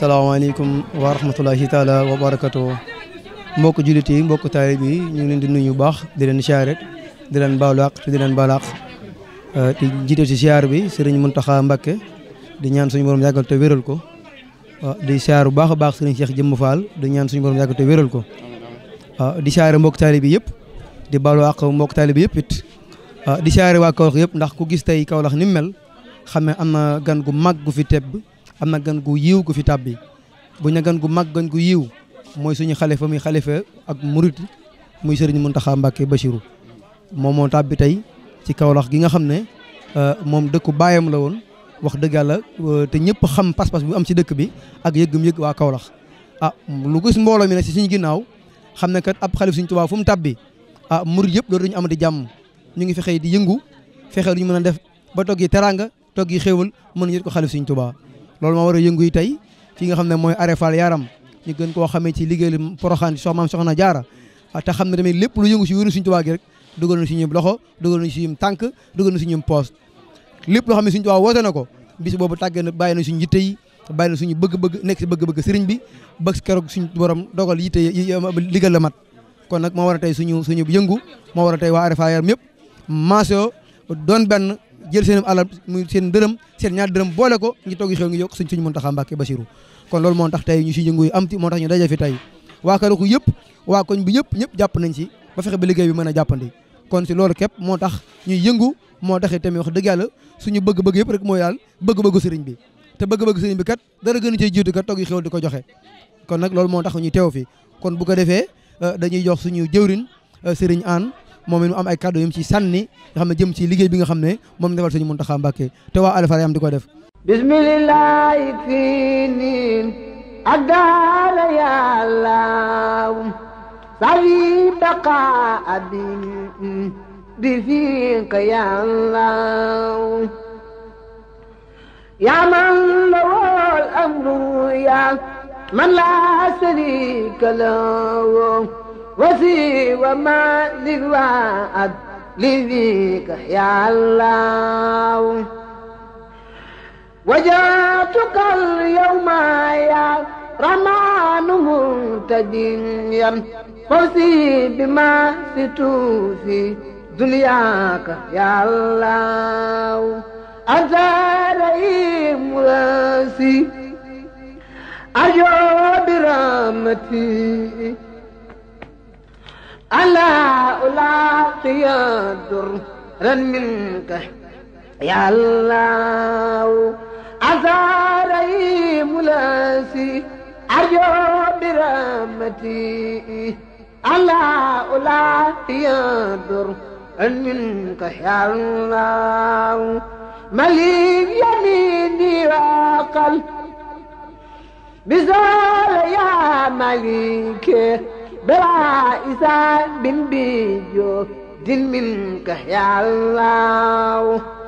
salaamaaleykum wa rahmatulahi taala wa barakatu mbokk jullit yi mbokk taay bi ñu ngi leen di nuyu bu baax di leen siyaare di leen baalu àq di leen baal àq euh, di jiite si siyaar bi mun taxa Mbakke di ñaan suñu borom yàggal te wéral ko euh, di siyaar bu baax a baax sëriñ Cheikh Jëmm Fall di ñaan suñu borom yàggal te wéral ko euh, di siyaare mbokk taali bi yëpp di baalu àq mbokk taali bi yëpp di siyaare waa Kawlax yëpp ndax ku gis tey Kawlax ni mel xam ne am na gan gu mag gu fi tebb am na gan gu yiw gu fi tàbbi bu ñu gan gu mag gan gu yiw mooy suñu xalifa muy xalifa ak murit muy sëriñ Muntaxa Mbàkke Bachiru moom moo tàbbi tey ci Kawlax gi nga xam ne euh, moom dëkku baayam la woon wax dëgg yàlla euh, te ñëpp xam pas-pas mu am si dëkk bi ak yëggum-yëgg waa Kawlax a ah, lu gis mbooloo mi ne si suñu ginnaaw xam ne kat ab xalif suñu Tuubaa fu mu tàbbi ah murit yëpp loolu dañu di jàmm ñu ngi fexe di yëngu fexe lu ñu mën a def ba togg yi teraanga togg yi xéewal mën ñu ko xalif suñu Tuubaa loolu moo war a yëngu yi tey fi nga xam ne mooy arrêt Fall Yaram ñu gën koo xamee ci liggéey li Poroxaan sox maam soxna jaara ah, te xam ne lépp lu yëngu si wéru Sëriñ Tuubaa gi rek dugal na suñu loxo dugal na suñu tànk dugal na suñu poos lépp loo xam ne Sëriñ na ko bis boobu tàggee na bàyyi na suñu yitte yi bàyyi na suñu bëgg-bëgg nekk si bëgg-bëgg sëriñ bi ba keroog suñu borom dogal yitte yi ligal la mat kon nag moo war a tey suñu suñu yëngu moo war a tey waa arrêt Fall Yaram yëpp maasoo doon benn jël seen alal muy seen dërëm seen ñaar dërëm boole ko ngi toggi xew ngi yokk suñ suñu Muntaxa Mbàkke Basiru kon loolu moo tax tey ñu si yëngu am ti moo tax ñu daje fi tey waa Kaolack yëpp waa koñ bi yëpp ñëpp jàpp nañ si ba fexe ba liggéey bi mën a jàppandi kon si loolu képp moo tax ñuy yëngu moo taxee tamit wax dëgg yàlla suñu bëgg-bëgg yëpp rek mooy yàlla bëgg-bëggu sëriñ bi te bëgg-bëgg sëriñ bi kat dara gën a cee jiitu di ko joxe kon nag loolu moo tax ñuy teew fi kon bu ko defee euh, dañuy jox suñu jëwrin euh, sëriñ aan moom it am ay kàddu yu mu ci sànni nga xam ne jëm ci liggéey bi nga xam ne moom defal suñu Muntaxa Mbàkke te waa Alfaraay am di ko def bismillahi fii niin ak daala yàllaw sawi baqa abi di fii ka yàllaw yaa man lawol amru yaa man laa sariika law وسي وما للوعد لذيك يا الله وجاتك اليوم يا رمان منتجيا فوزي بما ستوفي دنياك يا الله أنت رئيم راسي أجو برامتي ألا ألاقي درا منك يا الله أزاري ملاسي أرجو برحمتي ألا ألاقي درا منك يا الله مليك يميني وقل بزال يا مليكي بلا إسان بن بيجو دل منك يا الله